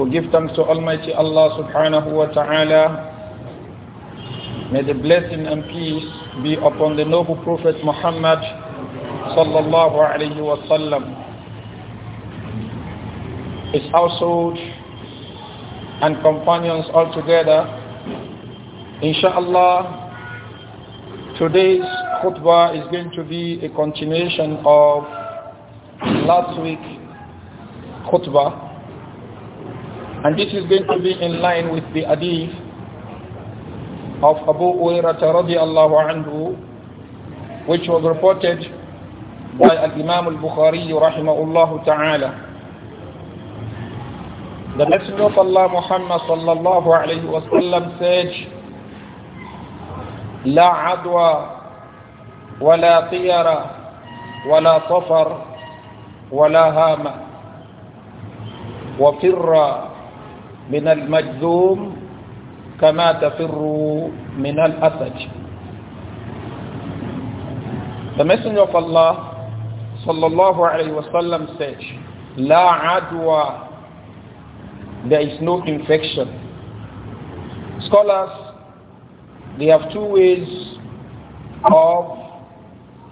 We give thanks to Almighty Allah subhanahu wa ta'ala. May the blessing and peace be upon the noble Prophet Muhammad sallallahu alayhi wa sallam. His household and companions all together. Inshallah, today's khutbah is going to be a continuation of last week's khutbah and this is going to be in line with the hadith of Abu Uwairata radiallahu anhu, which was reported by imam al-Bukhari rahimahullah ta'ala. The Messenger of Allah Muhammad sallallahu alayhi wa sallam said, لا عدوى ولا طيرة ولا طفر ولا هامة وفر من المجذوم كما تفر من الأسد The Messenger of Allah sallallahu alayhi wasallam, said La adwa There is no infection Scholars they have two ways of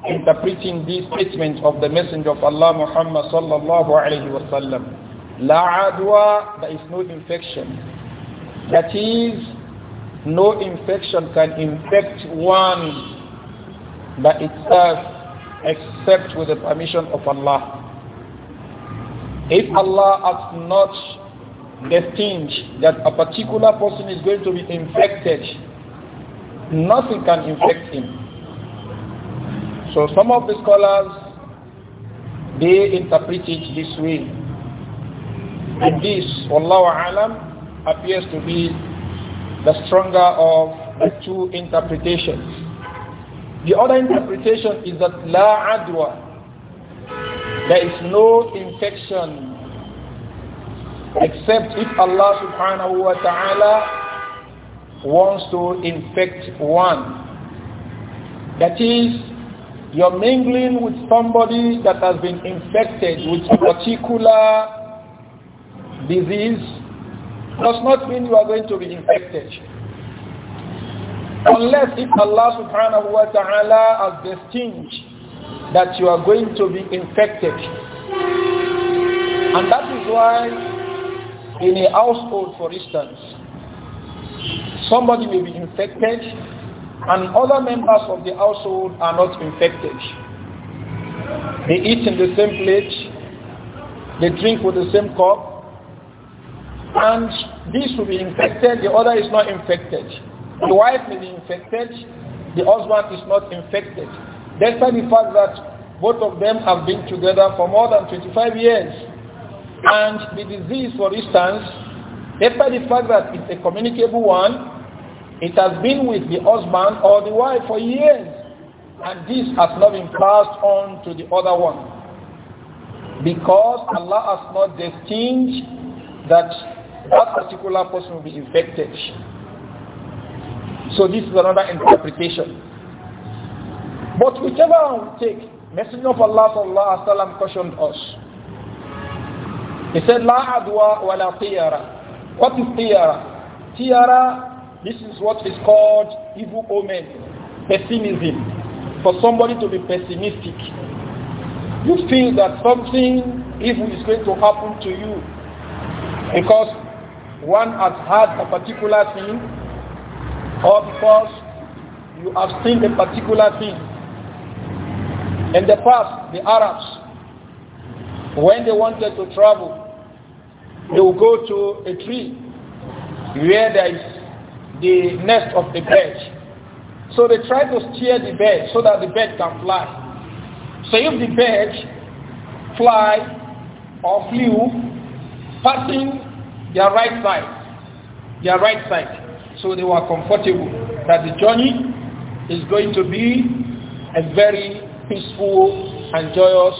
interpreting these statements of the Messenger of Allah Muhammad sallallahu alayhi wa sallam La adwa, there is no infection. That is, no infection can infect one by itself except with the permission of Allah. If Allah has not destined that a particular person is going to be infected, nothing can infect him. So some of the scholars, they interpret it this way and this, Wallahu Alam, appears to be the stronger of the two interpretations. The other interpretation is that La Adwa, there is no infection except if Allah subhanahu wa ta'ala wants to infect one. That is, you're mingling with somebody that has been infected with a particular disease does not mean you are going to be infected. Unless if Allah subhanahu wa ta'ala has destined that you are going to be infected. And that is why in a household, for instance, somebody may be infected and other members of the household are not infected. They eat in the same plate, they drink with the same cup, and this will be infected, the other is not infected. The wife may be infected, the husband is not infected. Despite the fact that both of them have been together for more than 25 years. And the disease, for instance, despite the fact that it's a communicable one, it has been with the husband or the wife for years. And this has not been passed on to the other one. Because Allah has not destined that that particular person will be infected. So this is another interpretation. But whichever one we take, Messenger of Allah sallallahu alaihi wasallam cautioned us. He said, "La adwa wa la tiyara." What is tiara? Tiara. This is what is called evil omen, pessimism. For somebody to be pessimistic, you feel that something evil is going to happen to you because one has had a particular thing or because you have seen a particular thing. In the past, the Arabs, when they wanted to travel, they would go to a tree where there is the nest of the bird. So they try to steer the bird so that the bird can fly. So if the bird fly or flew, passing their right side. Their right side. So they were comfortable that the journey is going to be a very peaceful and joyous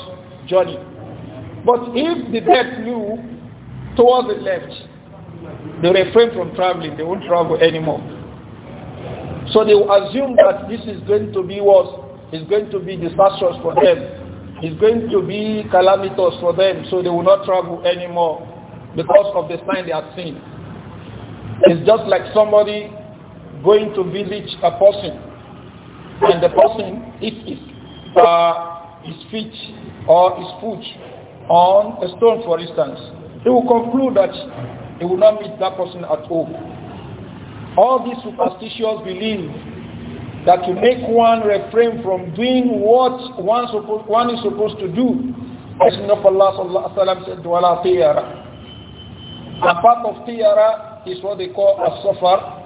journey. But if the death knew towards the left, they refrain from traveling. They won't travel anymore. So they assume that this is going to be worse. It's going to be disastrous for them. It's going to be calamitous for them. So they will not travel anymore because of the sign they have seen, It's just like somebody going to visit a person and the person eats his, uh, his feet or his foot on a stone, for instance. He will conclude that he will not meet that person at all. All these superstitious beliefs that to make one refrain from doing what one, suppo- one is supposed to do. Messenger Allah said, the part of tiara is what they call a safar.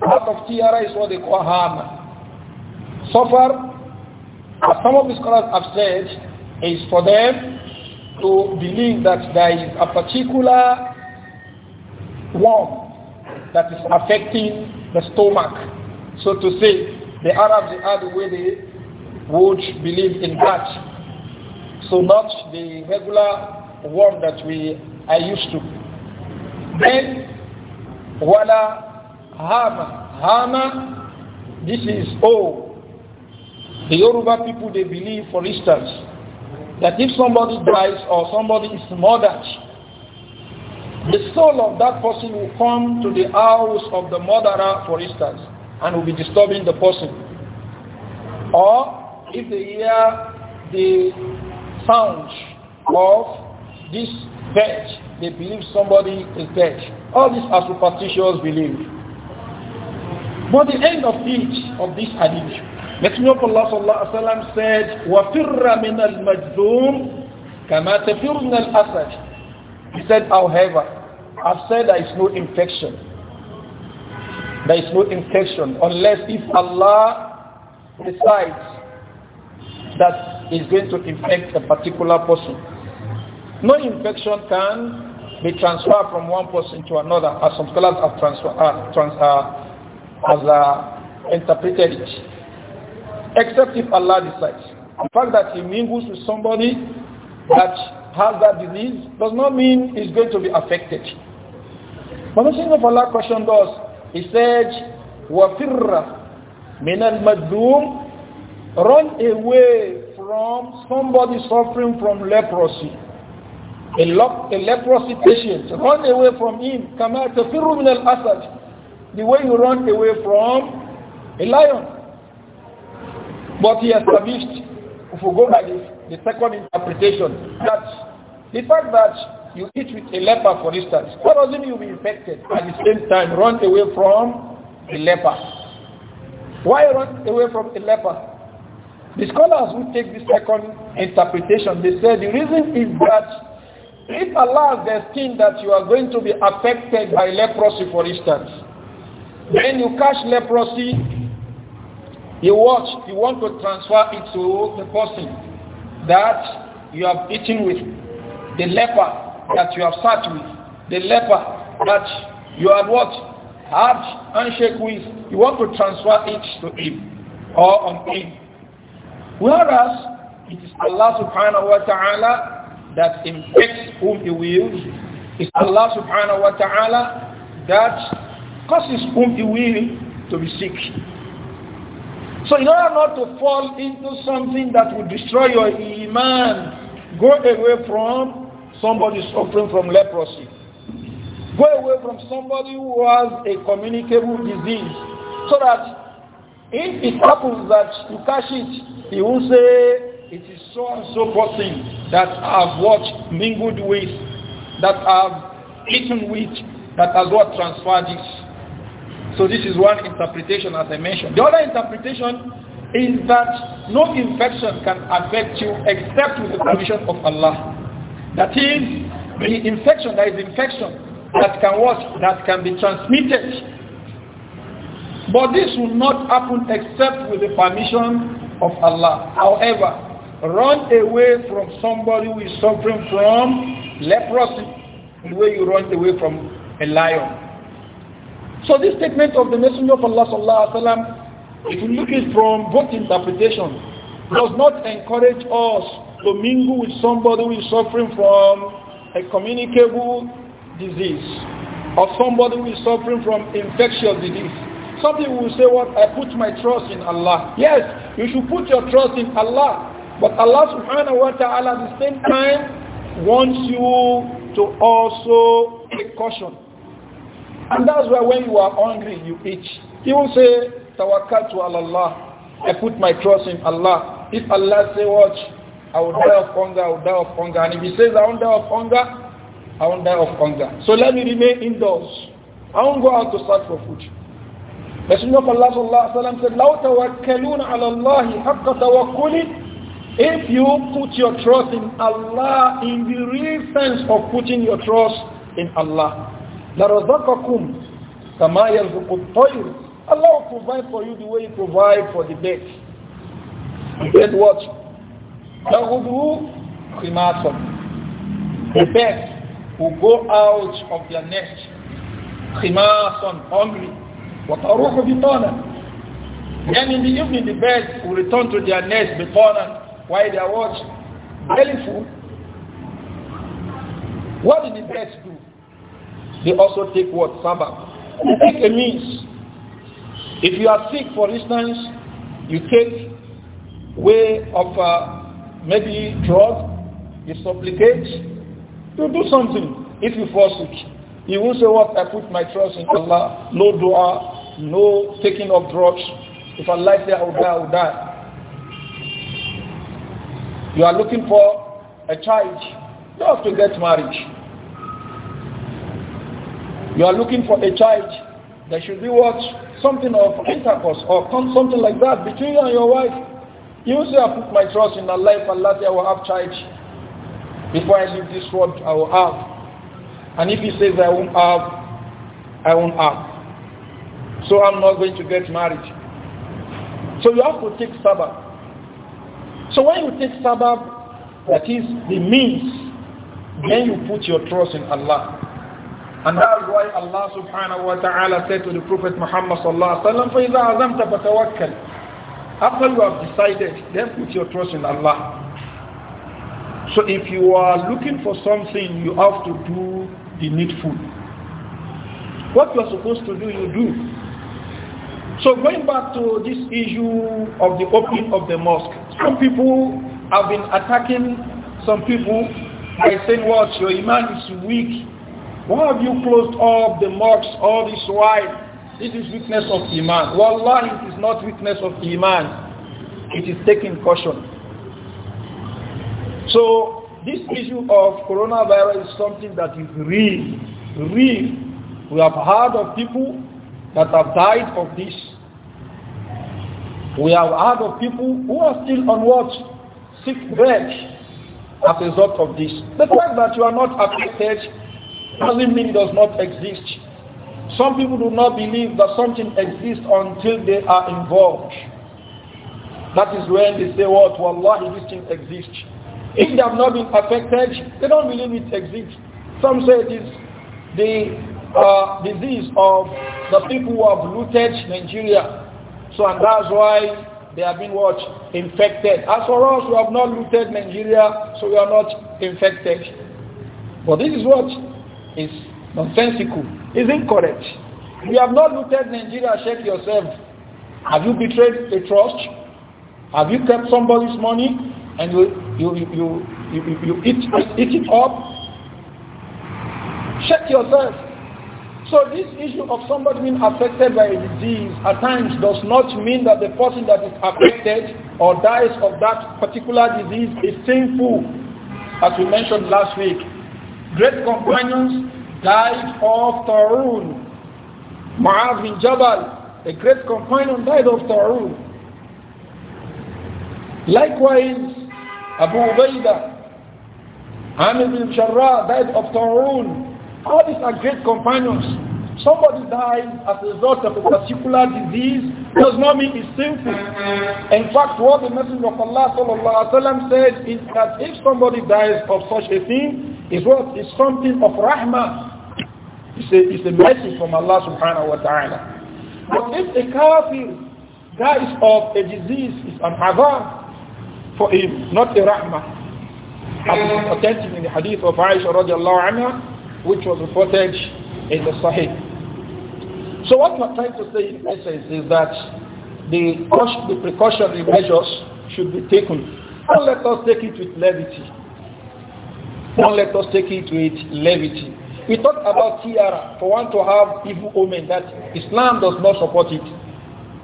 Part of tiara is what they call hama. Safar, as some of the scholars have said, is for them to believe that there is a particular worm that is affecting the stomach. So to say, the Arabs are the way they would believe in that. So not the regular worm that we are used to. Then, wala hama. Hama, this is all The Yoruba people, they believe, for instance, that if somebody dies or somebody is murdered, the soul of that person will come to the house of the murderer, for instance, and will be disturbing the person. Or if they hear the sound of this death, they believe somebody is dead. All these are superstitious beliefs. But the end of each of this hadith, Messenger of Allah sallallahu alaihi wasallam said, وَفِرَّ مِنَ الْمَجْذُومِ كَمَا تَفِرْنَ الْأَسَدِ He said, however, I've said there is no infection. There is no infection unless if Allah decides that is going to infect a particular person. No infection can be transferred from one person to another, as some scholars have transfer, uh, trans, uh, as, uh, interpreted it, except if Allah decides. The fact that he mingles with somebody that has that disease does not mean he's going to be affected. But the Messenger of Allah questioned us. He said, وَفِرَّ مِنَ الْمَدُّومِ Run away from somebody suffering from leprosy a, le- a leprosy patient, run away from him. Kama tafiru min al-asad. The way you run away from a lion. But he established, if we go by this, the second interpretation, that the fact that you eat with a leper, for instance, what doesn't mean you'll be infected. At the same time, run away from a leper. Why run away from a leper? The scholars who take this second interpretation, they say the reason is that if Allah the destined that you are going to be affected by leprosy, for instance, when you catch leprosy, you watch, you want to transfer it to the person that you have eaten with, the leper that you have sat with, the leper that you have what? Had shake with, you want to transfer it to him or on him. Whereas it is Allah subhanahu wa ta'ala that infects whom he wills. It's Allah subhanahu wa ta'ala that causes whom he will to be sick. So in order not to fall into something that will destroy your iman, go away from somebody suffering from leprosy. Go away from somebody who has a communicable disease so that if it happens that you catch it, he will say it is so and so person that have what mingled with, that have eaten with, that has what transferred it. So this is one interpretation as I mentioned. The other interpretation is that no infection can affect you except with the permission of Allah. That is, the infection, that is infection that can what? That can be transmitted. But this will not happen except with the permission of Allah. However, Run away from somebody who is suffering from leprosy the way you run away from a lion. So this statement of the Messenger of Allah sallallahu alaihi wasallam, if you look at it from both interpretations, does not encourage us to mingle with somebody who is suffering from a communicable disease or somebody who is suffering from infectious disease. Some people will say, what, well, I put my trust in Allah. Yes, you should put your trust in Allah. But Allah subhanahu wa ta'ala at the same time wants you to also take caution. And that's why when you are hungry, you eat. He will say, Tawakkal to Allah. I put my trust in Allah. If Allah say watch, I will die of hunger, I will die of hunger. And if he says I won't die of hunger, I won't die of hunger. So let me remain indoors. I won't go out to search for food. Messenger of Allah sallallahu alayhi wa sallam said, لَوْ تَوَكَّلُونَ عَلَى اللَّهِ حَقَّ تَوَكُّلِهِ if you put your trust in Allah in the real sense of putting your trust in Allah, لَرَزَقَكُمْ كَمَا يَرْزُقُ الطَّيْرُ Allah will provide for you the way He provides for the dead. He watch, The birds will go out of their nest. خِمَاسًا Hungry. وَتَرُوحُ بِطَانًا Then in the evening the birds will return to their nest بِطَانًا why they are what? food, What did the birds do? They also take what? Sabbath. Take a means. If you are sick, for instance, you take way of uh, maybe drug, you supplicate, you do something. If you fall sick, you will say, what, I put my trust in Allah. No dua, no taking of drugs. If like says I will die, I will die. You are looking for a child, you have to get married. You are looking for a child, there should be what? Something of intercourse or something like that between you and your wife. You say, I put my trust in Allah, if Allah say I will have child. Before I leave this world, I will have. And if he says I won't have, I won't have. So I'm not going to get married. So you have to take Sabbath. So when you take sabab, that is the means, then you put your trust in Allah. And that is why Allah subhanahu wa ta'ala said to the Prophet Muhammad sallallahu alayhi wa sallam, After you have decided, then put your trust in Allah. So if you are looking for something, you have to do the needful. What you are supposed to do, you do. So going back to this issue of the opening of the mosque, some people have been attacking some people by saying what your iman is weak. Why have you closed all the mosques all this while? This is weakness of iman. Wallah, it is not weakness of iman. It is taking caution. So this issue of coronavirus is something that is real, real. We have heard of people that have died of this we have heard of people who are still on what? Sick bed as a result of this. The fact that you are not affected doesn't mean it does not exist. Some people do not believe that something exists until they are involved. That is when they say, what? Allah, this thing exists. If they have not been affected, they don't believe it exists. Some say it is the uh, disease of the people who have looted Nigeria so and that's why they have been what? Infected. As for us, we have not looted Nigeria, so we are not infected. But this is what is nonsensical, is incorrect. We have not looted Nigeria, check yourself. Have you betrayed a trust? Have you kept somebody's money and you, you, you, you, you, you eat, eat it up? Check yourself. So this issue of somebody being affected by a disease at times does not mean that the person that is affected or dies of that particular disease is sinful, as we mentioned last week. Great companions died of Tarun. Mu'az bin Jabal, a great companion, died of Tarun. Likewise, Abu Ubaidah, Amir bin Sharra, died of Tarun. All these are great companions. Somebody dies as a result of a particular disease does not mean it's sinful. In fact, what the Messenger of Allah sallallahu alaihi said is that if somebody dies of such a thing, is what is something of rahmah. It's a, it's a message from Allah subhanahu wa ta'ala. But if a kafir dies of a disease, it's an azab for him, not a rahmah. As is in the hadith of Aisha radiallahu anha, which was reported in the Sahih. So what we're trying to say in essence is that the, the precautionary measures should be taken. Don't let us take it with levity. Don't let us take it with levity. We talk about tiara for one to have evil omen that Islam does not support it.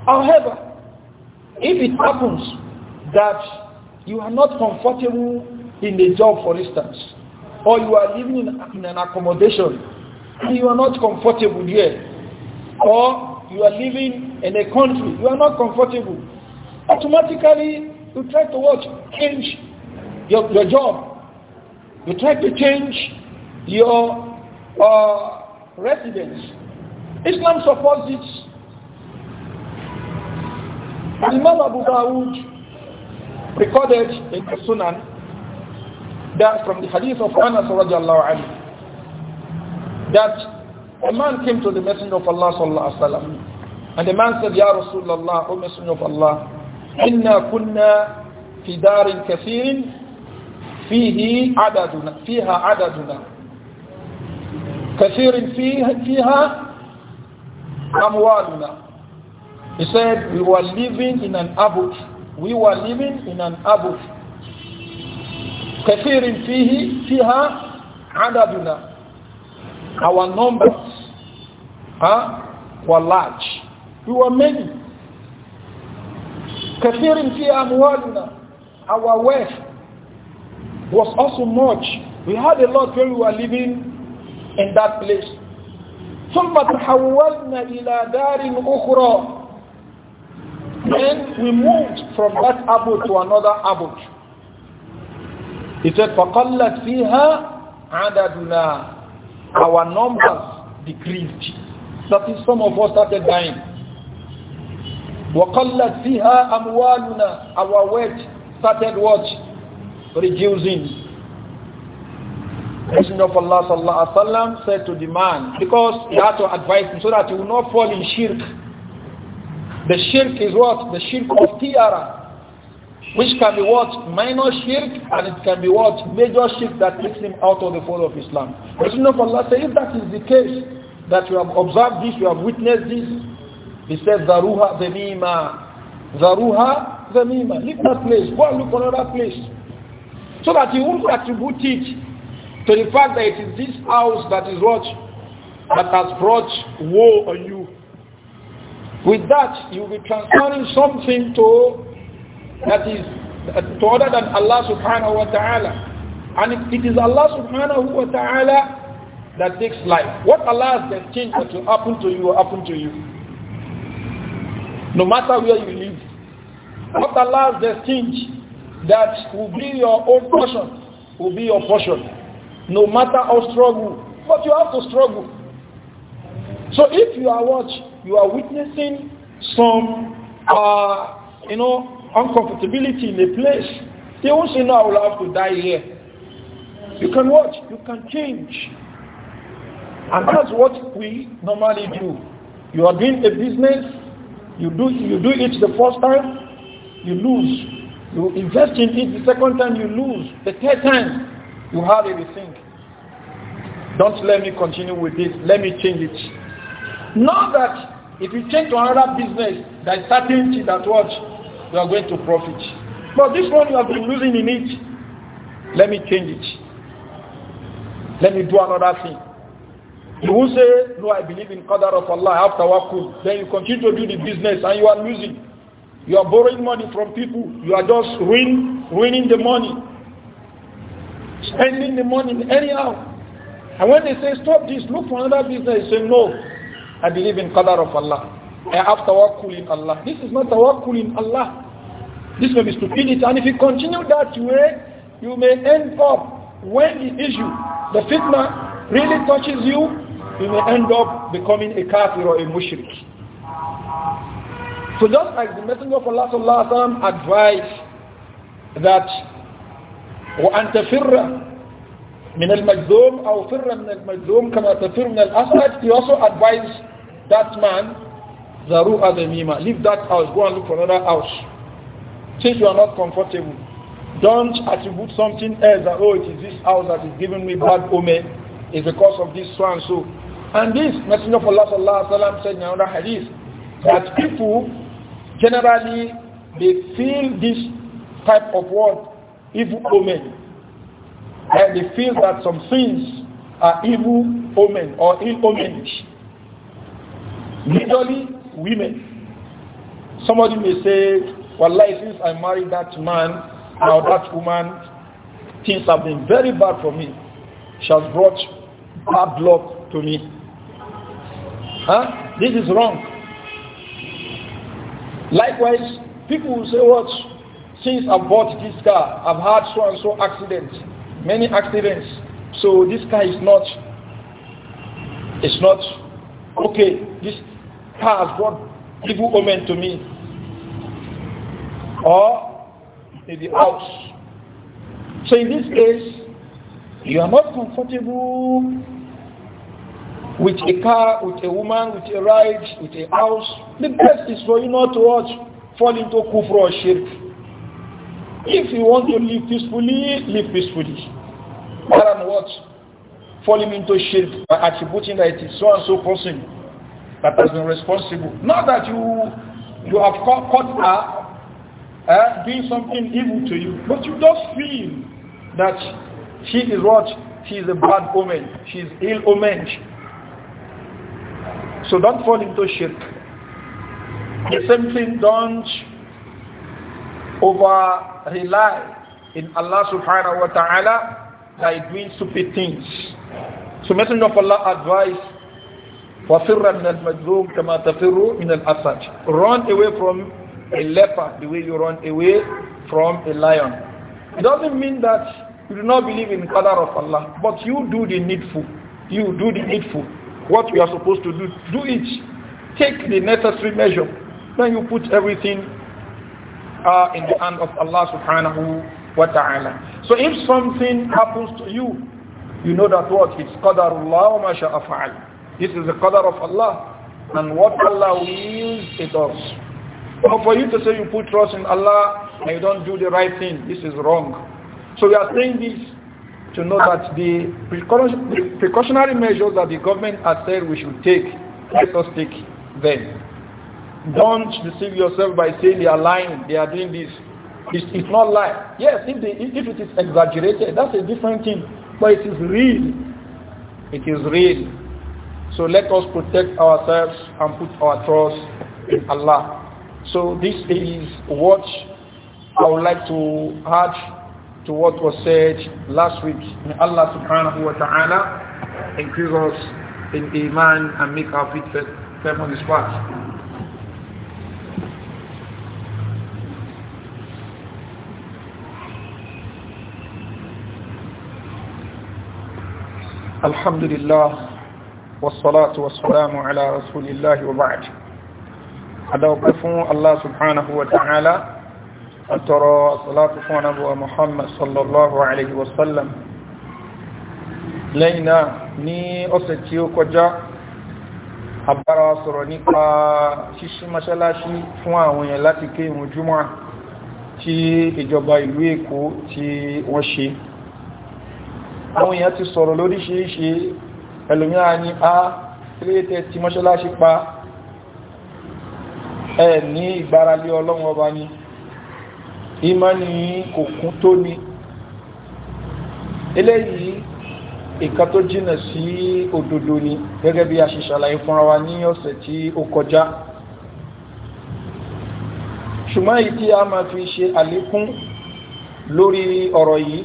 However, if it happens that you are not comfortable in the job, for instance, or you are living in, in an accommodation and you are not comfortable there, or you are living in a country you are not comfortable, automatically you try to watch change your, your job, you try to change your uh, residence. Islam supports it. Imam Abu Dawud recorded in the Sunan that from the hadith of Anas radiallahu anhu, that a man came to the Messenger of Allah sallallahu alaihi wasallam, and the man said, Ya Rasulullah, O Messenger of Allah, إنا كنا في دار كثير فيه عددنا فيها عددنا كثير فيه فيها أموالنا He said, we were living in an abut. We were living in an abut كثير فيه فيها عددنا our numbers ha were large we were many كثير فيها أموالنا our wealth was also much we had a lot when we were living in that place ثم تحولنا إلى دار أخرى then we moved from that abode to another abode he said, فَقَلَّتْ فِيهَا عَدَدُنَا Our numbers decreased. That is, some of us started dying. وَقَلَّتْ فِيهَا أَمْوَالُنَا Our wealth started what? Reducing. Messenger of Allah sallallahu alaihi wasallam said to the man, because he had to advise him so that he will not fall in shirk. The shirk is what? The shirk of tiara which can be what? Minor shirk and it can be what? Major shirk that takes him out of the fold of Islam. you know, Allah said, if that is the case, that you have observed this, you have witnessed this, he said, Zaruha Zamima. Zaruha Zamima. Leave that place. Go and look for another place. So that you won't attribute it to the fact that it is this house that is what? That has brought woe on you. With that, you will be transferring something to that is to other than Allah subhanahu wa ta'ala. And it is Allah subhanahu wa ta'ala that takes life. What Allah has destined that will happen to you will happen to you. No matter where you live. What Allah has destined that will be your own portion will be your portion. No matter how struggle. But you have to struggle. So if you are watch, you are witnessing some uh, you know uncomfortability in a place, they won't say, no, I will have to die here. You can watch, you can change. And that's what we normally do. You are doing a business, you do, you do it the first time, you lose. You invest in it the second time, you lose. The third time, you hardly rethink. Don't let me continue with this. Let me change it. Not that if you change to another business, there is certainty that what you are going to profit. But this one you have been losing in it. Let me change it. Let me do another thing. You will say, no, I believe in Qadar of Allah, after have Then you continue to do the business and you are losing. You are borrowing money from people. You are just ruin, ruining the money. Spending the money anyhow. And when they say, stop this, look for another business, you say, no, I believe in Qadar of Allah. I have tawakkul in Allah. This is not tawakkul in Allah. This may be stupidity. And if you continue that way, you may end up when the issue, the fitna really touches you, you may end up becoming a kafir or a mushrik. So just like the Messenger of Allah sallallahu alaihi wasallam advised that وأن تفر من المجذوم أو فر من المجذوم كما تفر من الأسد he also advised that man Zaru Ademima, leave that house, go and look for another house. Since you are not comfortable, don't attribute something else that, oh, it is this house that is giving me bad omen, it's because of this so and so. And this, Messenger of Allah sallallahu alayhi said in another hadith, that people generally, they feel this type of word Evil omen. And they feel that some things are evil omen or ill omen. Usually, women. Somebody may say, well, like, since I married that man, now that woman, things have been very bad for me. She has brought bad luck to me. Huh? This is wrong. Likewise, people will say, what? Since I bought this car, I've had so and so accidents, many accidents. So this car is not, it's not okay. This cars what evil omen to me. Or in the house. So in this case, you are not comfortable with a car, with a woman, with a ride, with a house. The best is for you not to watch, fall into kufr or shirk. If you want to live peacefully, live peacefully. Rather than what? Falling into shirk by attributing that it is so and so person that has been responsible. Not that you you have caught, caught her eh, doing something evil to you, but you just feel that she is what? She is a bad woman. She is ill omened. So don't fall into shirk. The same thing, don't over rely in Allah subhanahu wa ta'ala by doing stupid things. So Messenger of Allah advised وَفِرَّ مِنَ الْمَجْذُوبِ كَمَا تَفِرُّ مِنَ الْأَسَدِ Run away from a leper the way you run away from a lion. It doesn't mean that you do not believe in Qadar of Allah, but you do the needful. You do the needful. What you are supposed to do, do it. Take the necessary measure. Then you put everything uh, in the hand of Allah subhanahu wa ta'ala. So if something happens to you, you know that what? It's Qadarullah wa ma this is the qadar of Allah. And what Allah wills, it does. But for you to say you put trust in Allah and you don't do the right thing, this is wrong. So we are saying this to know that the precautionary measures that the government has said we should take, let us take them. Don't deceive yourself by saying they are lying, they are doing this. It's, it's not lie. Yes, if, they, if it is exaggerated, that's a different thing. But it is real. It is real. So let us protect ourselves and put our trust in Allah. So this is what I would like to add to what was said last week. May Allah subhanahu wa ta'ala increase us in Iman and make our feet firm on path. والصلاة والسلام على رسول الله وبعد أدوقفوا الله سبحانه وتعالى أترى صلاة أبو محمد صلى الله عليه وسلم لينا ني أستيو كجا àbára sọ̀rọ̀ nípa ṣíṣí mọ́ṣálásí fún àwọn èèyàn láti ké ìrun júmọ́ tí ìjọba ìlú Èkó tí wọ́n ṣe àwọn èèyàn ti sọ̀rọ̀ lóríṣiríṣi ẹlòmíràn ní a ah, kílẹ̀tẹ̀ tí mọ́ṣáláṣí pa ẹ ní ìgbáralé ọlọ́run ọba ni ìmánì kò kún tó ni eléyìí ìkan tó jìnà sí òdodo ni gẹ́gẹ́ bí a ṣe ṣàlàyé fúnra wa ní ọ̀sẹ̀ tí ó kọjá ṣùgbọ́n èyí a máa fi ṣe àlékún lórí ọ̀rọ̀ yìí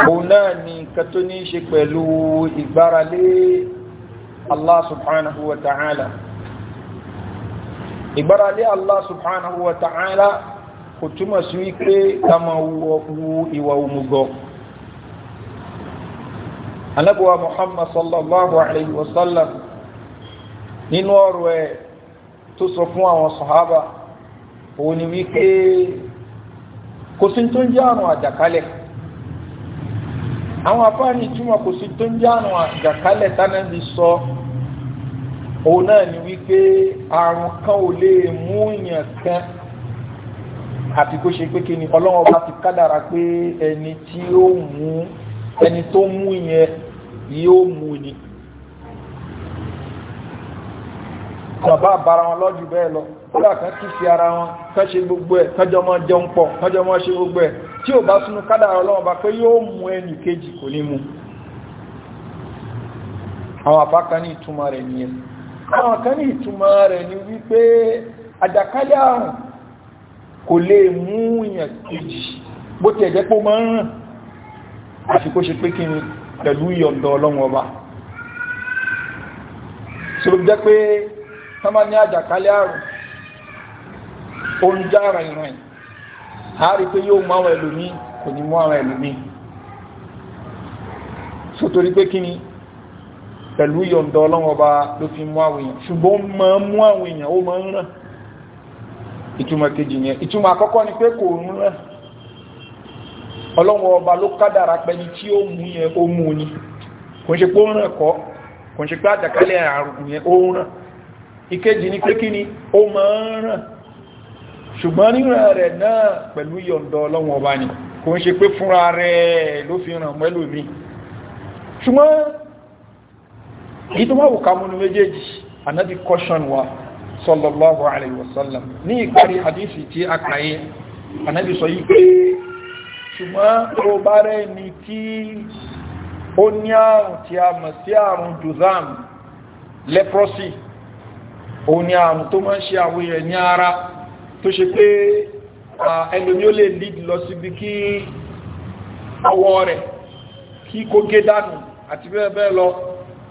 òun náà ni nǹkan tó ní ṣe pẹ̀lú ìgbáralé Allah subhanahu wa ta'ala ìgbáralé Allah subhanahu wa ta'ala kò túmọ̀ sí wípé ká máa wu ìwà òmùgọ̀ anabuwa muhammad sallallahu alayhi wa nínú ọ̀rọ̀ ẹ̀ tó sọ fún àwọn sàhábà òun ni wípé kò sí tó ń jẹ́ àrùn àjàkálẹ̀ àwọn afáàní túmọ̀ kò sí tó ń jẹ́ àrùn àjàkálẹ̀ tánàbí sọ òun náà ni wípé àrùn kan ò lè mú èèyàn kan àti kó ṣe pé kí ni ọlọ́wọ́n bá ti kádàrà pé ẹni tí ó mú ẹni tó mú yẹn yóò mú ni. bàbá àbára wọn lọ́jù bẹ́ẹ̀ lọ kódà kan kìí fi ara wọn kán ṣe gbogbo ẹ̀ kánjọ́ mọ́ jẹun pọ̀ kánjọ́ mọ́ ṣe gbogbo ẹ̀ tí ò bá súnú kádàrà ọlọ́run bá pé yóò mú ẹnì kejì kò ní mú àwọn àpákan ní ìtumọ̀ rẹ̀ nìyẹn àwọn kan ní ìtumọ̀ rẹ̀ ni wípé àjàkálẹ̀ àrùn kò lè mú ìyàn kejì bó ti ẹ̀jẹ́ pó máa ń ràn àfi kó ṣe pé kí ni pẹ̀lú ìyọ̀ndọ̀ ọlọ́run a rí pé yóò mú àwọn ẹlòmí kò ní mú àwọn ẹlòmí so torí pé kí ni pẹ̀lú yọ̀ǹda ọlọ́wọ́ bá ló fi mú àwọn èèyàn ṣùgbọ́n mọ́ mú àwọn èèyàn ó mọ́ ń ràn ìtumọ̀ kejì yẹn ìtumọ̀ àkọ́kọ́ ni pé kò ń ràn ọlọ́wọ́ ọba ló kádàrà pẹni tí ó mú yẹn ó mú ni kò ń ṣe pé ó ràn kọ́ kò ń ṣe pé àjàkálẹ̀ àrùn yẹn ó ràn ìkejì ni pé kí ni ó mọ́ ń ràn ṣùgbọ́n ríran rẹ̀ náà pẹ̀lú yọ̀ǹda ọlọ́wọ̀n ọba ni kò ń ṣe pé fúnra rẹ̀ ló fi ràn mẹ́lò mi ṣùgbọ́n èyí tó máa wò ká méjèèjì anábi caution wa sallallahu alaihi wasallam ni tí ó ní àrùn tí a mọ̀ sí àrùn juzam leprosy òun ni àrùn tó máa ń ṣe àwọn ní ara tó ṣe pé ẹlòmí ó lè lead lọ síbi kí ọwọ́ rẹ̀ kí kó gé dànù àti bẹ́ẹ̀ bẹ́ẹ̀ lọ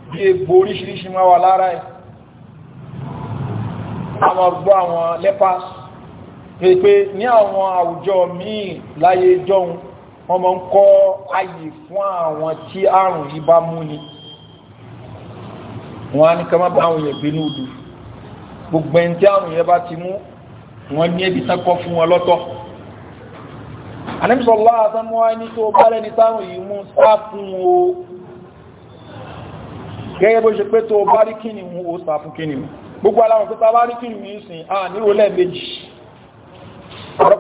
bí egbò oríṣiríṣi máa wà lára ẹ̀ àwọn ọgbọ́ àwọn lepers pé ní àwọn àwùjọ míì láyé jọun wọ́n máa ń kọ́ ààyè fún àwọn tí àrùn yìí bá mú ni wọ́n á ní ká má bá àwọn èèyàn gbé ní odò gbogbo ẹni tí àrùn yẹn bá ti mú wọ́n ní ẹbí sákọ́ fún wọn lọ́tọ̀ anẹ́bìsọ̀lá àtàmúwá ní tó bá lẹ́ni táwọn yìí mú sá fún o gẹ́gẹ́ bó ṣe pé tó bá rí kíni mú ó sá fún kíni mú gbogbo aláwọ̀ pé tàbá rí kíni mú sìn à níwò lẹ́ẹ̀mejì ọ̀rọ̀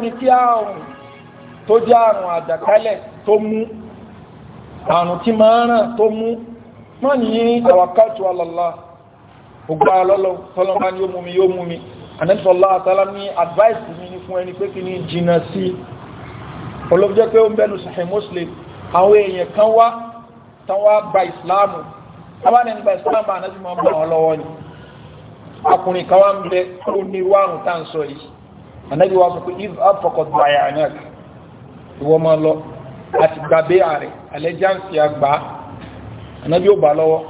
pé tí àrùn tó jẹ́ àrùn àjàkálẹ̀ tó mú àrùn tí máa ràn tó mú má ní àwàkátù alàlá ògbà tọ́lọ́mà ni ó mú mi yóò mú mi anẹ́tọ́lá àtàlá ní advice mi ní fún ẹni pé kí ní jìnà sí olóbíjẹ́ pé ó ń bẹ́nu Sahih Muslim àwọn èèyàn kan wá tán wá gba ìsìláàmù abáni gba ìsìláàmù ànájú máa ni akùnrin kan wá ń bẹ ó ní wárùn tá à ń sọ yìí ànájú wa sọ pé anábí ó bá lọ́wọ́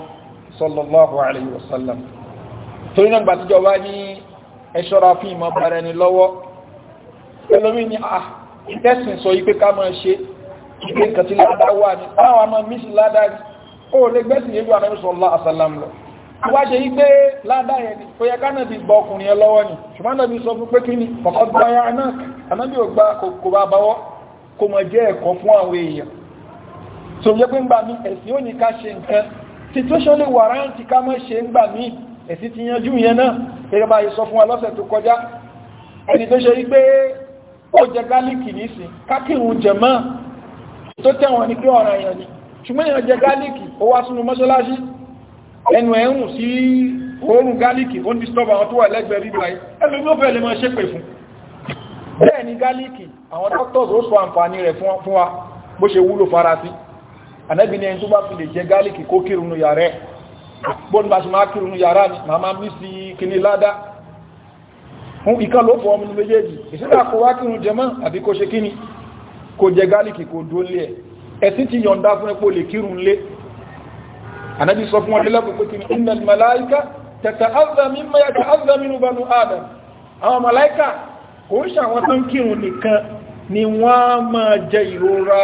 sallallahu alayhi wa sallam torí náà gbàtíjọba ní ẹṣọ́ra fún ìmọ̀ bára ẹni lọ́wọ́ ẹlòmí ni a ah, ìtẹ́sìn sọ ipé ká máa ṣe ipé nǹkan tí ládá wà ní àwọn àmọ́ mísì ládá ó lè gbẹ́sìn yébí anábí sallallahu alayhi wa sallam lọ wá ṣe ipé ládá yẹn ni ó so yẹ pé ń gbà mí ẹ̀sìn ó ní ká ṣe nǹkan situation lè wàrántì ká mọ́ ṣe ń gbà mí ẹ̀sìn ti yanjú yẹn náà gẹ́gẹ́ bá yẹ sọ fún wa lọ́sẹ̀ tó kọjá ẹni tó ṣe rí pé ó jẹ gálíkì nísìn kákìrún jẹ mọ́ tó tẹ̀wọ̀n ni pé ọ̀ràn èèyàn ni ṣùgbọ́n èèyàn jẹ gálíkì ó wá sínú mọ́ṣáláṣí ẹnu ẹ̀rùn sí oòrùn gálíkì ó ń disturb àwọn tó wà lẹ́gbẹ̀ẹ́ bíbá yìí ẹnu ló fẹ́ lè máa ṣépè fún bẹ́ẹ̀ ni gálíkì àwọn doctors ó sọ àǹfààní rẹ̀ fún wa bó ṣe wúlò fara ànábì ní ẹni tó bá fi lè jẹ gálíkì kó kírun yàrá ẹ̀ bóun bá ṣe máa kírun yàrá ni màá máa mí sí kíní ládá fún ìkan ló fọ ọmọ méjèèjì ìsìnkà kó wá kírun jẹmọ́ àbí kó ṣe kíní kó jẹ gálíkì kó dúó lé ẹ̀ ẹ̀sìn ti yọ̀ǹda fún ẹ̀pọ̀ lè kírun lé ànábì sọ fún ọdún lẹ́bùn pé kíní innal malaika tẹ̀tẹ̀ázà mímọ̀ yà tẹ̀ázà mínú Adam àwọn màláíkà kò ń ṣàwọn tó ń kírun nìkan ni wọ́n máa jẹ ìrora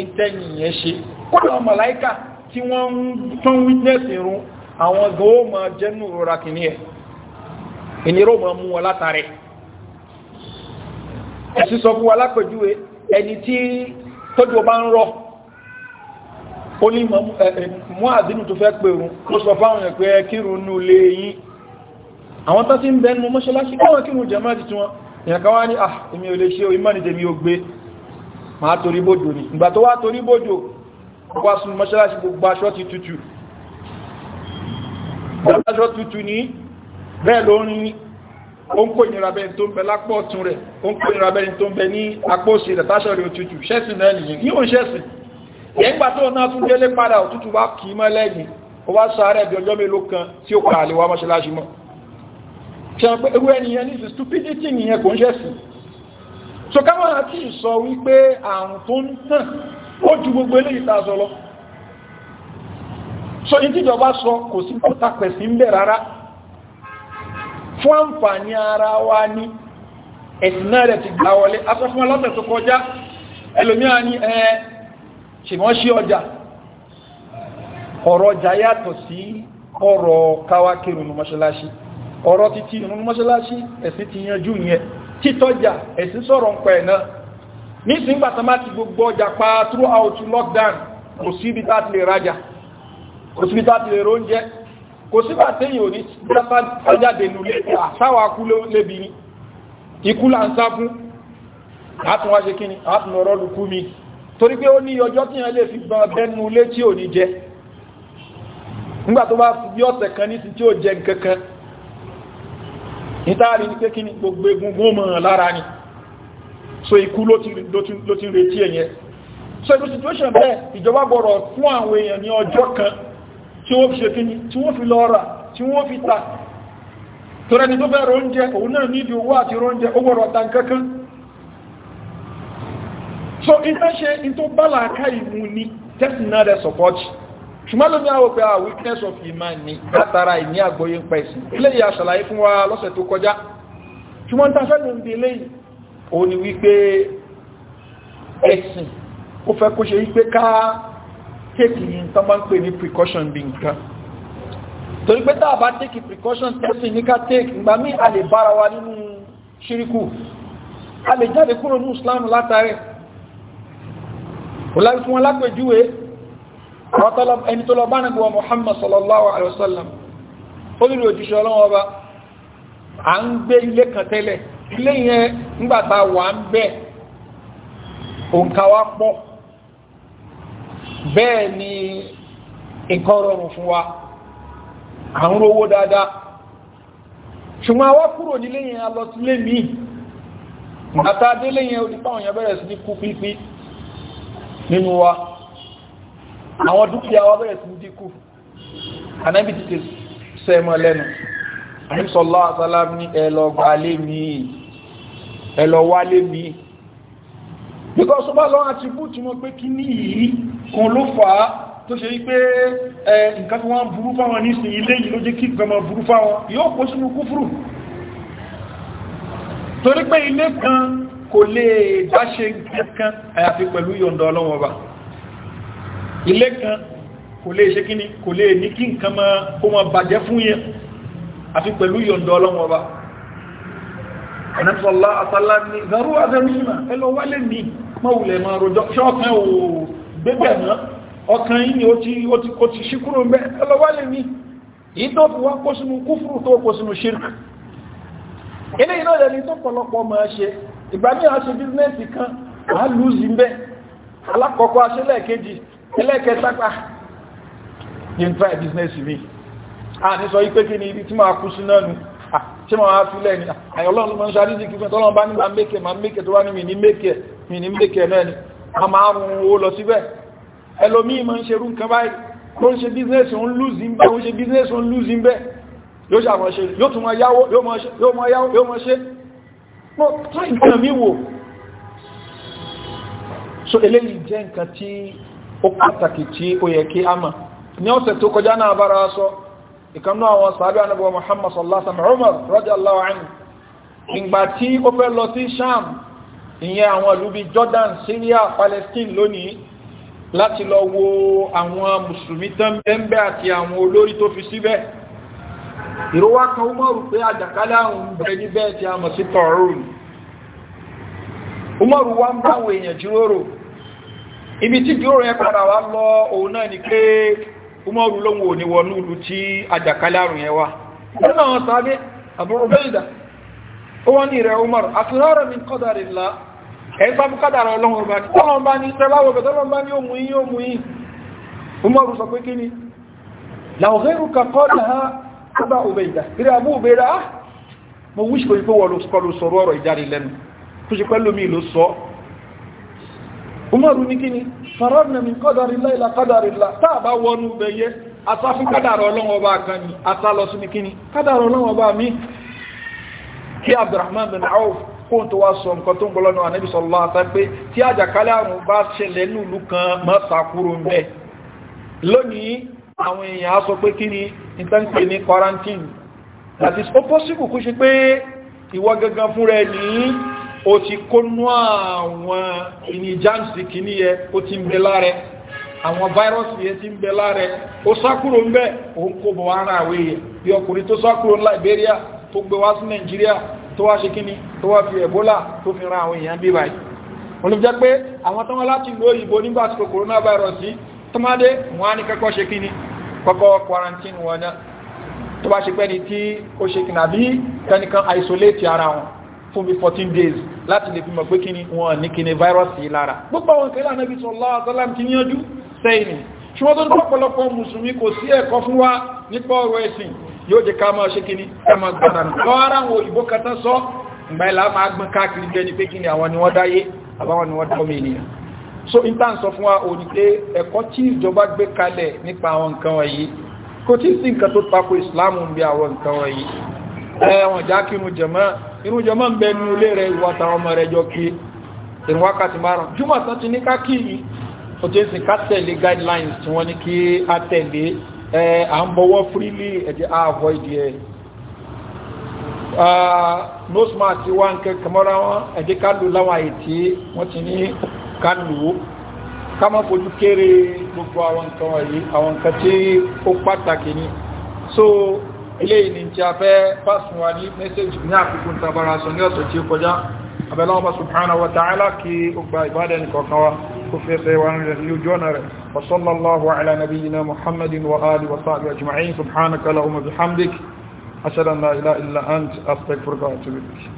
ìtẹ́yìn yẹn ṣe kódà àwọn màláíkà tí wọ́n ń tán witness irun àwọn gan ó máa jẹ́nu rọra kìíní ẹ̀ ìnira ó máa mú wọn látàrí ẹ̀sì sọ fún wa lápẹ̀júwe ẹni tí tọ́jú ọba ń rọ ó ní mú àdínú tó fẹ́ pèrún ó sọ fáwọn ẹ̀ pé ní ah èmi ò lè ṣe o ìmọ̀ nìtẹ̀mí ò torí bòjò ni ìgbà tó wá torí bòjò wá sún mọ́ṣáláṣí gbogbo aṣọ ti tutù aṣọ tutù ní bẹ́ẹ̀ ló ń ó ń kó ìnira bẹ́ẹ̀ tó ń bẹ lápọ̀ ọ̀tún rẹ̀ ó ń kó ìnira bẹ́ẹ̀ tó ń bẹ ní apó òsì rẹ̀ táṣọ rẹ̀ òtútù ṣẹ́sìn náà nìyẹn ní òun ṣẹ́sìn ẹgbà tó náà tún stupidity nìyẹn kò ń ṣẹ̀sìn so káwọn àti ìsọ wípé àrùn tó ń tàn ó ju gbogbo eléyìí tá sọ lọ so ní tíjọba sọ kò sí kọ́ta pẹ̀sí ń bẹ̀ rárá fún àǹfààní ara wa ní ẹ̀sìn náà rẹ̀ ti gbà wọlé aṣọ fún ọlọ́sẹ̀ tó kọjá ẹlòmíà ní ẹ ṣìmọ́ sí ọjà ọ̀rọ̀ ọjà yàtọ̀ sí ọ̀rọ̀ káwákiri nínú mọ́ṣáláṣí ọ̀rọ̀ títí nínú mọ́ṣáláṣí ẹ̀sìn ti yanjú yẹn títọ́jà ẹ̀sìn sọ̀rọ̀ ń pẹ̀ náà nísìnyí gbàtà tamati ti gbogbo ọjà pa throughout lockdown kò síbi tá ti lè rajà kò síbi tá ti lè róúnjẹ kò sígbà téyìn ò ní jáde nulẹ̀ àsáwà kú lébi ikú là ń sá fún lukú mi torí pé ó ní ọjọ́ tí yẹn lè fi gbọ́n bẹ́nu lé tí ò ní fi bí ọ̀sẹ̀ kan ní ti tí jẹ gbogbo egungun mọ̀ lára ni so ikú ló ti ń retí ẹ̀yẹn so irú situation bẹ́ẹ̀ ìjọba gbọ́rọ̀ fún àwọn èèyàn ní ọjọ́ kan tí wọ́n fi ṣe kíní tí wọ́n fi lọ rà tí wọ́n fi ta tọ́rẹ ni tó bẹ̀rẹ̀ oúnjẹ òun náà nídi owó àti oúnjẹ ó gbọ́rọ̀ ta nkankan so ìtẹ́ṣe in tó bá làákà ìmú ni tẹ́sì náà support ṣùgbọ́n ló ní àwọn pé a ah, weakness of iman ni látara ìní àgbóyé ń pẹ̀sìn ilé ìyá ṣàlàyé fún wa lọ́sẹ̀ tó kọjá ṣùgbọ́n tafẹ́ ló ń di eléyìí ó ní wípé ẹ̀sìn ó fẹ́ kó ṣe wípé ká tèkì yìí tán máa ń pè ní precaution bí nǹkan torí pé tàà bá tèkì precaution tẹ́sìn ní ká tèkì ìgbà mí a lè bára wa nínú ṣíríkù a lè jáde kúrò ní Islam látàrí òlárí fún wọn lápẹjúwe ẹni tó lọ bá nàgbà Muhammad sallallahu alaihi wasallam ó nílò òjíṣẹ́ ọlọ́wọ́ ọba à ń gbé ilé kan tẹ́lẹ̀ ilé yẹn nígbà wà ń wa pọ̀ ni nǹkan rọrùn fún wa à ń rówó dáadáa ṣùgbọ́n àwa kúrò nílé yẹn a lọ sílé míì àtàdélé yẹn olùpá òyìn bẹ̀rẹ̀ sí ní kú pípí nínú wa àwọn dúkìá wa bẹ̀rẹ̀ sí ní sẹ́mọ̀ lẹ́nu ẹ lọ wálé mi because ọba lọ àti bú tí wọ́n pé kí ní yìí kan ló fà á tó ṣe wípé ẹ nǹkan tí wọ́n burú fáwọn ní sí ilé yìí ló jẹ́ kí gbẹmọ̀ burú fáwọn yóò kó sínú kúfùrù torí pé ilé kan kò lè dáṣe kankan àyàfi pẹ̀lú yọ̀ǹda Ọlọ́run kan kò lè ṣe kíní kò lè ní kí nǹkan kó má bàjẹ́ ànẹ́sọ̀lá àtàlá ní ìzàrú àdẹ́mìnà ẹlọ wálé ní mọ́wulẹ̀ ma rojọ́ ṣe ọkàn ò gbẹ́gbẹ̀ náà o yìí ó ti ṣíkúrò mẹ́ ẹlọ wálé ní ìdọ́fù wá kó sínú kúfùrù tó kó sínú ṣírkù ilé iná ẹni tó pọ̀lọpọ̀ máa ṣe ìgbà ní kan wà lùzì ń bẹ́ alákọ̀ọ́kọ́ aṣẹ́lẹ̀kejì ẹlẹ́kẹtàpá ah, a ní sọ ni ibi tí Ah, ah, ṣe ma wá sílẹ̀ ní àyọ̀lọ́run mọ́ ṣe àríjì kífẹ́ tọ́lọ́run bá ní mẹ́kẹ̀ ma mẹ́kẹ̀ tó wá ní mi mẹ́kẹ̀ náà ni a máa rùn owó lọ síbẹ̀ ẹlòmíì ma ń ṣe rún kan báyìí ó ń ṣe bíznẹ́sì ń lùzí ń bẹ́ ó ń ṣe bíznẹ́sì ń lùzí ń bẹ́ yóò ṣe àwọn ṣe yóò tún mọ yáwó yóò mọ ṣe yóò mọ yáwó yóò mọ ṣe mọ́ tó ìgbìyàn mi wò ìkanú àwọn sàábí anábọ̀ Muhammad sallallahu alaihi Umar radiyallahu anhu ìgbà tí ó fẹ́ lọ sí Sham ìyẹn àwọn ìlú bíi Jordan Syria Palestine lónìí láti lọ wo àwọn mùsùlùmí tẹ́ńbẹ́ àti àwọn olórí tó fi síbẹ̀ ìrówá kan Umaru pé àjàkálẹ̀ àwọn ìbẹ̀rẹ̀ níbẹ̀ tí a mọ̀ sí tọ̀rún Umaru wá ń báwọn èèyàn jíròrò ibi tí jíròrò yẹn padà wá lọ òun náà ni pé umaru lóhun ò ní wọnú ìlú tí àjàkálẹ̀ àrùn yẹn wá nínú àwọn sàábé àbúrò bẹ́ẹ̀dà ó wọ́n ní ìrẹ̀ umaru àtúnrọ̀rọ̀ mi kọ́dàrí ńlá ẹ̀ sábú kádàrà ọlọ́run ọba tí tọ́lọ́n bá ní tẹ́láwọ̀ bẹ̀ tọ́lọ́n bá ní òmù yí òmù yí umaru sọ pé kí ni umaru ní kí ni farabna min qadarilla ila qadarilla Taba wọnú bẹ̀yẹ atáfún kádàrà ọlọ́wọ́ bá kan ni atálọ sí ní kí ni kádàrà ọlọ́wọ́ mi kí abdurrahman bin auf kóhùn tó wá sọ nǹkan tó ń sallallahu alaihi wasallam pé tí àjàkálẹ̀ àrùn bá ṣẹlẹ̀ lùlù kan mọ́ta kúrò ń bẹ̀ lónìí àwọn èèyàn á sọ pé kí ni ìtànkì ní quarantine that is impossible kú ṣe pé ìwọ gangan fúnra ẹ̀ nìyí o ti kónú àwọn ìníjàǹsì kìíní yẹ o ti ń bẹ láàrẹ àwọn fáírọ́sì yẹ ti ń bẹ láàrẹ o sákúrò ń bẹ́ òun kò bọ̀ ara àwẹ̀ yẹ bí ọkùnrin tó sákúrò ní Liberia tó gbé wá sí Nàìjíríà tó wá ṣe kíní tó fi Ebola tó fi ran àwọn èèyàn bí báyìí wọn ló jẹ́ pé àwọn tán wọ́n láti ìlú òyìnbó nígbà tí coronavirus yìí tó á ní kẹ́kọ́ ṣe kíní kọ́kọ́ quarantine wọn náà tó bá ṣe pẹ́ni tí ó ṣe fún bí 14 days láti lè fi mọ̀ pé kí ni wọ́n ní kí ni virus yìí lára gbogbo àwọn kẹlá náà bí sallallahu alaihi wasallam ti yanjú sẹ́yìn ṣùgbọ́n tó ní pọ̀pọ̀lọpọ̀ mùsùlùmí kò sí ẹ̀kọ́ fún wa nípa ọ̀rọ̀ ẹ̀sìn yóò jẹ́ ká máa ṣe kí ni ká máa gbọ́nà lọ ara àwọn òyìnbó kata sọ ìgbà ìlà máa gbọ́n káàkiri jẹ́ ni pé kí ni àwọn ni wọ́n dáyé àbáwọn ni wọ́n dáwọ́ ènìyàn so in tán sọ fún wa ò ní pé ẹ̀kọ́ tí ìjọba gbé kalẹ̀ nípa àwọn nǹkan wọ̀nyí kò tí sí nǹkan tó tako ìsìláàmù ń bí àwọn nǹkan wọ̀nyí ẹ̀wọ̀n jákìrún jẹ̀mọ́ irun jọ máa ń bẹ ní ilé rẹ̀ ìwà àtàwọn ọmọ rẹ̀ jọ kí irun wákàtí márùn júmọ̀ tán ti ní káàkiri ó ká tẹ̀lé guidelines tí wọ́n ní kí á tẹ̀lé ẹ à ń bọwọ́ freely ẹ̀jẹ̀ á avoid ẹ̀ nose mask wa nkẹ kàmọ́ra wọn ẹ̀jẹ̀ ká lò láwọn àyè tí wọ́n ti ní ká lò ó ká má fojú kéré gbogbo àwọn nǹkan wọ̀nyí àwọn nǹkan tí ó pàtàkì ni so eléyìí ni tí a fẹ́ pàṣẹ wa ní mẹ́sẹ̀jì ní àfikún tabara sọ ní ọ̀sẹ̀ tí ó kọjá abẹ́lọ́wọ́ bá subhanahu wa ta'ala kí ó gba ìbádẹ́ ní kọ̀ọ̀kan wa kó fẹ́ fẹ́ wa ní rẹ̀ lójú ọ̀nà rẹ̀ wa ala nabiyyina